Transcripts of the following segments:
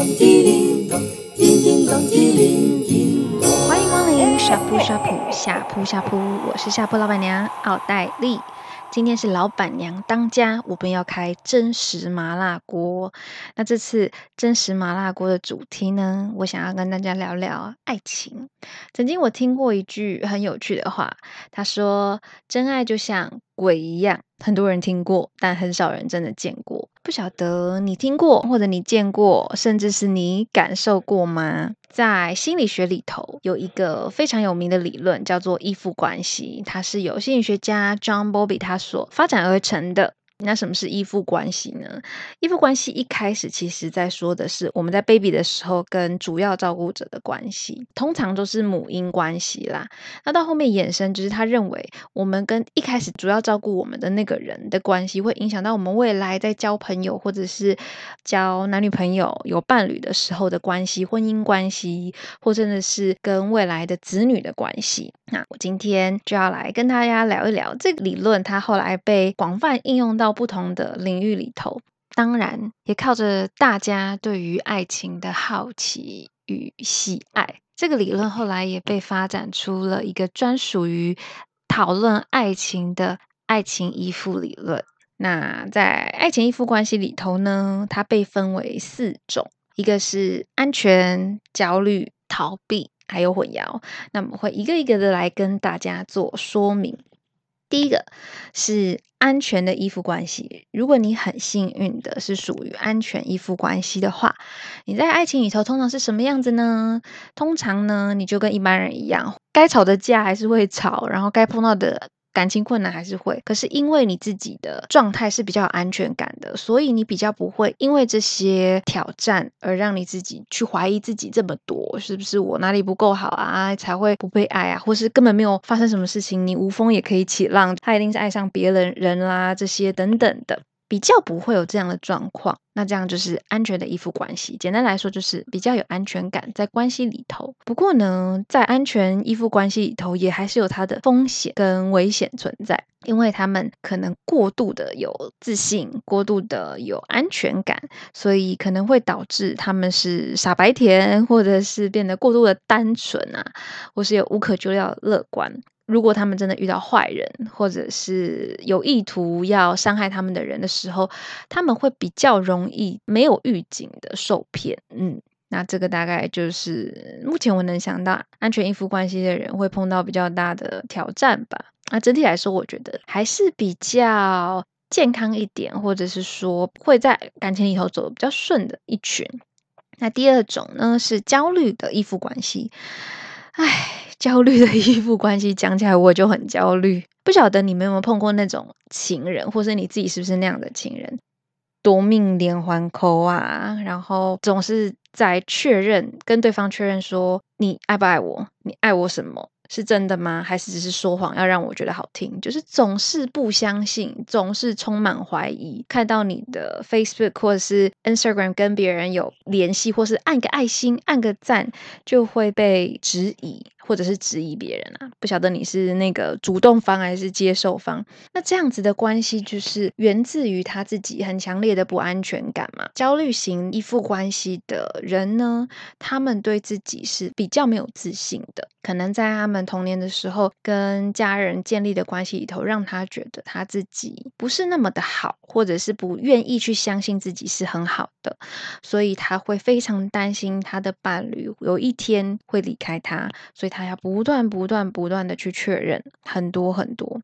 歡迎光臨呷哺呷哺呷哺呷哺，我是呷哺老板娘奧黛麗。今天是老板娘當家，我們要開真實麻辣鍋。那這次真實麻辣鍋的主題呢？我想要跟大家聊聊愛情。曾經我聽過一句很有趣的話，他說：“真愛就像鬼一樣，很多人聽過，但很少人真的見過。”不曉得你聽過或者你見過，甚至是你感受過嗎？在心理學裡頭有一個非常有名的理論，叫做依附關係，它是由心理學家 John Bowlby 他所發展而成的。那什麼是依附關係呢？依附關係一開始其實在說的是我們在 baby 的時候跟主要照顧者的關係，通常都是母嬰關係啦。那到後面衍生就是他認為我們跟一開始主要照顧我們的那個人的關係，會影響到我們未來在交朋友或者是交男女朋友、有伴侶的時候的關係、婚姻關係，或者是跟未來的子女的關係。那我今天就要來跟大家聊一聊這個理論，它後來被廣泛應用到不同的領域裡頭。當然，也靠着大家對於愛情的好奇與喜愛，這個理論後來也被發展出了一個專屬於討論愛情的愛情依附理論。那在愛情依附關係裡頭呢，它被分為四種，一個是安全、焦慮、逃避。還有混淆，那我們會一個一個的來跟大家做說明。第一個是安全的依附關係，如果你很幸運的是屬於安全依附關係的話，你在愛情裡頭通常是什麼樣子呢？通常呢，你就跟一般人一樣，該吵的架還是會吵，然後該碰到的。感情困難還是會，可是因為你自己的狀態是比較有安全感的，所以你比較不會因為這些挑戰而讓你自己去懷疑自己這麼多，是不是我哪裡不夠好啊，才會不被愛啊，或是根本沒有發生什麼事情，你無風也可以起浪，他一定是愛上別人人啦，這些等等的。比較不會有這樣的狀況，那這樣就是安全的依附關係。簡單來說，就是比較有安全感在關係裡頭。不過呢，在安全依附關係裡頭，也還是有它的風險跟危險存在，因為他們可能過度的有自信，過度的有安全感，所以可能會導致他們是傻白甜，或者是變得過度的單純啊，或是有無可救藥的樂觀。如果他們真的遇到壞人，或者是有意圖要傷害他們的人的時候，他們會比較容易沒有預警的受騙。嗯，那這個大概就是目前我能想到安全依附關係的人會碰到比較大的挑戰吧。那整體來說，我覺得還是比較健康一點，或者是說會在感情裡頭走得比較順的一群。那第二種呢，是焦慮的依附關係，唉。焦慮的依附關係講起來我就很焦慮，不曉得你們有沒有碰過那種情人，或是你自己是不是那樣的情人？奪命連環扣啊，然後總是在確認跟對方確認說你愛不愛我，你愛我什麼是真的嗎？還是只是說謊要讓我覺得好聽？就是總是不相信，總是充滿懷疑。看到你的 Facebook 或者是 Instagram 跟別人有聯繫，或是按個愛心、按個讚，就會被質疑。或者是質疑別人啊，不曉得你是那個主動方還是接受方。那這樣子的關係就是源自於他自己很強烈的不安全感嘛。焦慮型依附關係的人呢，他們對自己是比較沒有自信的，可能在他們童年的時候跟家人建立的關係裡頭，讓他覺得他自己不是那麼的好，或者是不願意去相信自己是很好的，所以他會非常擔心他的伴侶有一天會離開他，所以他哎呀，還要不斷、不斷、不斷的去確認，很多很多，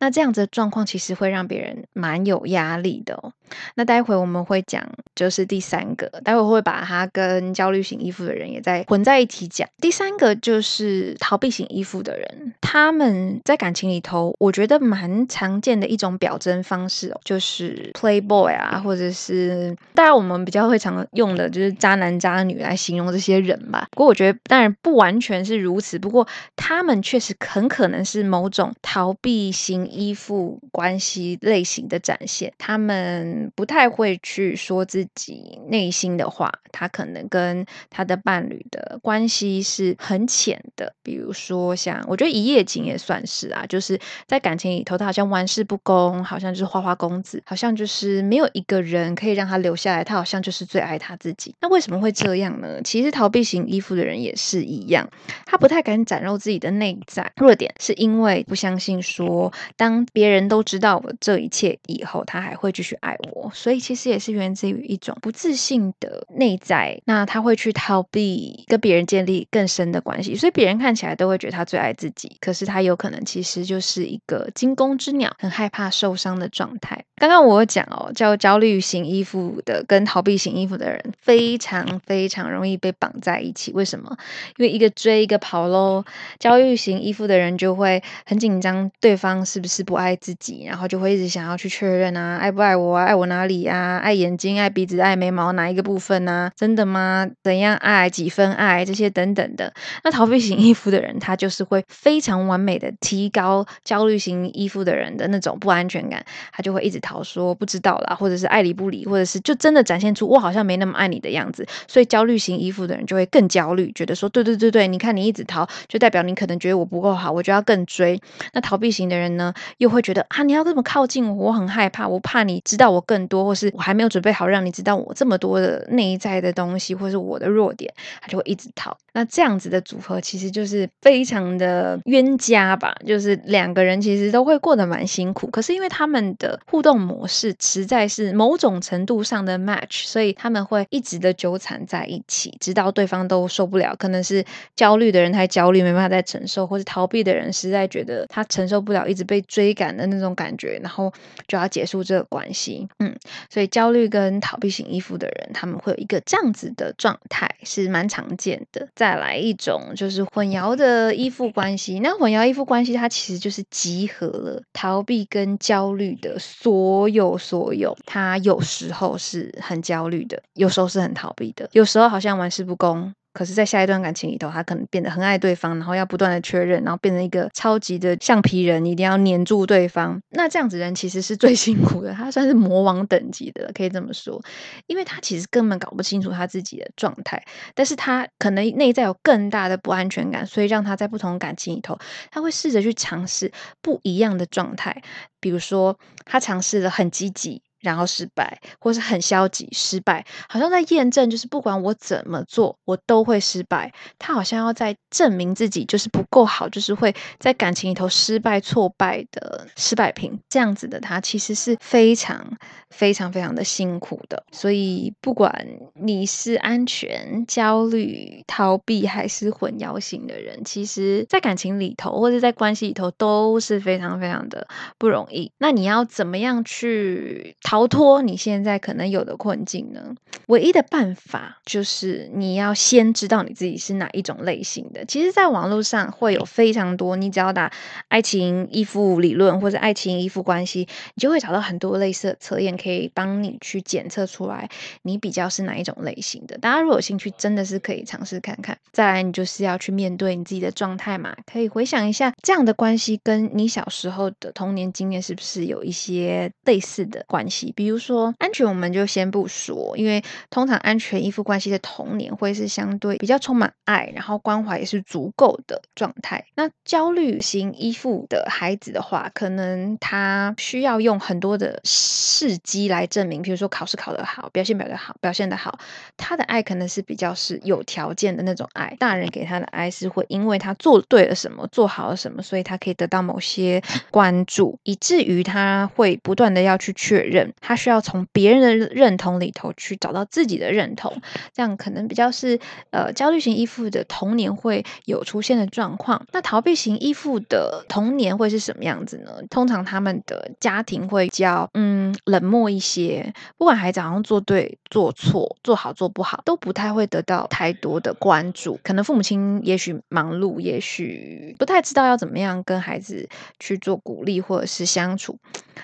那這樣子的狀況其實會讓別人蠻有壓力的哦。那待會我們會講，就是第三個，待會會把他跟焦慮型依附的人也在混在一起講。第三個就是逃避型依附的人，他們在感情裡頭，我覺得蠻常見的一種表徵方式哦，就是 playboy 啊，或者是當然我們比較會常用的就是渣男渣女來形容這些人吧。不過我覺得當然不完全是如此，不過他們確實很可能是某種逃避型依附關係類型的展現，他們。不太會去說自己內心的話，他可能跟他的伴侶的關係是很淺的。比如說像，像我覺得一夜情也算是啊，就是在感情裡頭，他好像玩世不恭，好像就是花花公子，好像就是沒有一個人可以讓他留下來，他好像就是最愛他自己。那為什麼會這樣呢？其實逃避型依附的人也是一樣，他不太敢展露自己的內在弱點，是因為不相信說，當別人都知道我這一切以後，他還會繼續愛我。所以其實也是源自於一種不自信的內在，那他會去逃避跟別人建立更深的關係，所以別人看起來都會覺得他最愛自己，可是他有可能其實就是一個驚弓之鳥，很害怕受傷的狀態。剛剛我講哦，叫焦慮型依附的跟逃避型依附的人非常非常容易被綁在一起，為什麼？因為一個追一個跑嘍，焦慮型依附的人就會很緊張對方是不是不愛自己，然後就會一直想要去確認啊，愛不愛我、啊？愛。愛我哪裡啊？愛眼睛，愛鼻子，愛眉毛，哪一個部分啊？真的嗎？怎樣愛？幾分愛？這些等等的。那逃避型依附的人，他就是會非常完美的提高焦慮型依附的人的那種不安全感，他就會一直逃，說不知道啦，或者是愛理不理，或者是就真的展現出我好像沒那麼愛你的樣子。所以焦慮型依附的人就會更焦慮，覺得說對對對對，你看你一直逃，就代表你可能覺得我不夠好，我就要更追。那逃避型的人呢，又會覺得啊，你要這麼靠近我，我很害怕，我怕你知道我。更多，或是我還沒有準備好讓你知道我這麼多的內在的東西，或是我的弱點，他就會一直逃。那這樣子的組合其實就是非常的冤家吧，就是兩個人其實都會過得蠻辛苦。可是因為他們的互動模式實在是某種程度上的 match，所以他們會一直的糾纏在一起，直到對方都受不了。可能是焦慮的人太焦慮，沒辦法再承受，或是逃避的人實在覺得他承受不了一直被追趕的那種感覺，然後就要結束這個關係。嗯，所以焦慮跟逃避型依附的人，他們會有一個這樣子的狀態，是蠻常見的。再來一種就是混淆的依附關係，那混淆依附關係它其實就是集合了逃避跟焦慮的所有所有，它有時候是很焦慮的，有時候是很逃避的，有時候好像玩世不恭。可是，在下一段感情裡頭，他可能變得很愛對方，然後要不斷的確認，然後變成一個超級的橡皮人，一定要黏住對方。那這樣子人其實是最辛苦的，他算是魔王等級的，可以這麼說，因為他其實根本搞不清楚他自己的狀態，但是他可能內在有更大的不安全感，所以讓他在不同感情裡頭，他會試着去嘗試不一樣的狀態，比如說他嘗試得很積極。然後失敗，或是很消極，失敗，好像在驗證，就是不管我怎麼做，我都會失敗。他好像要在證明自己，就是不夠好，就是會在感情裡頭失敗、挫敗的失敗品。這樣子的他，其實是非常、非常、非常的辛苦的。所以，不管你是安全焦慮、逃避，還是混淆型的人，其實在感情裡頭，或者在關係裡頭，都是非常、非常的不容易。那你要怎麼樣去逃逃脫你現在可能有的困境呢？唯一的辦法就是你要先知道你自己是哪一種類型的。其實，在網絡上會有非常多，你只要打“愛情依附理論”或者“愛情依附關係”，你就會找到很多類似的測驗，可以幫你去檢測出來你比較是哪一種類型的。大家如果有興趣，真的是可以嘗試看看。再來，你就是要去面對你自己的狀態嘛，可以回想一下，這樣的關係跟你小時候的童年經驗是不是有一些類似的關係？比如說安全，我們就先不說，因為通常安全依附關係的童年會是相對比較充滿愛，然後關懷也是足夠的狀態。那焦慮型依附的孩子的話，可能他需要用很多的事蹟來證明，比如說考試考得好，表現表現好，表現得好，他的愛可能是比較是有條件的那種愛，大人給他的愛是會因為他做對了什麼，做好了什麼，所以他可以得到某些關注， 以至於他會不斷的要去確認。他需要從別人的認同裡頭去找到自己的認同，這樣可能比較是呃焦慮型依附的童年會有出現的狀況。那逃避型依附的童年會是什麼樣子呢？通常他們的家庭會比較嗯冷漠一些，不管孩子好像做對、做錯、做好、做不好，都不太會得到太多的關注。可能父母親也許忙碌，也許不太知道要怎麼樣跟孩子去做鼓勵或者是相處。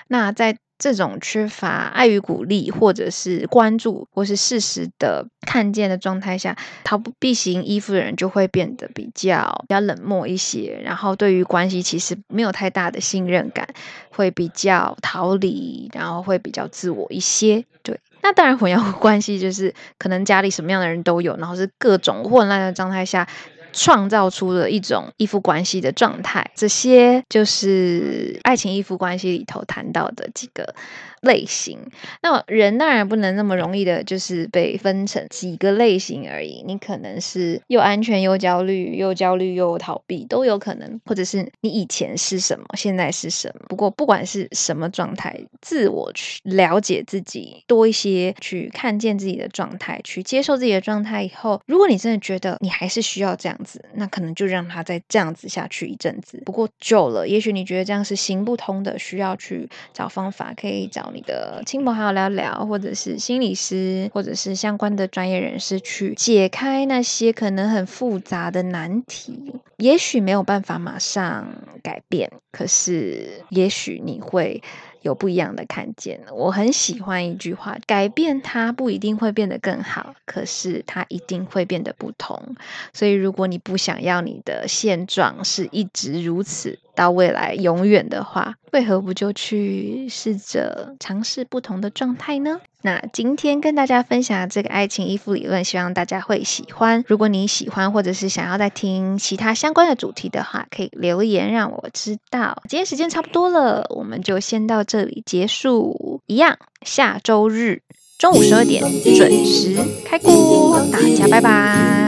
那在，這種缺乏愛與鼓勵，或者是關注，或是適時的看見的狀態下，逃避型依附的人，就會變得比較比較冷漠一些，然後對於關係其實沒有太大的信任感，會比較逃離，然後會比較自我一些。對，那當然混淆關係就是可能家裡什麼樣的人都有，然後是各種混亂的狀態下。創造出了一種依附關係的狀態，這些就是愛情依附關係裡頭談到的幾個類型，那人當然不能那麼容易的，就是被分成幾個類型而已。你可能是又安全又焦慮，又焦慮又逃避，都有可能，或者是你以前是什麼，現在是什麼。不過不管是什麼狀態，自我去了解自己多一些，去看見自己的狀態，去接受自己的狀態以後，如果你真的覺得你還是需要這樣子，那可能就讓它再這樣子下去一陣子。不過久了，也許你覺得這樣是行不通的，需要去找方法，可以找你的親朋好友聊聊，或者是心理師，或者是相關的專業人士去解開那些可能很複雜的難題。也許沒有辦法馬上改變，可是也許你會有不一樣的看見。我很喜歡一句話：改變它不一定會變得更好，可是它一定會變得不同。所以如果你不想要你的現狀是一直如此。到未來永遠的話，為何不就去試着嘗試不同的狀態呢？那今天跟大家分享這個愛情依附理論，希望大家會喜歡。如果你喜歡或者是想要再聽其他相關的主題的話，可以留言讓我知道。今天時間差不多了，我們就先到這裡結束。一樣，下周日中午十二點準時開播，大家拜拜。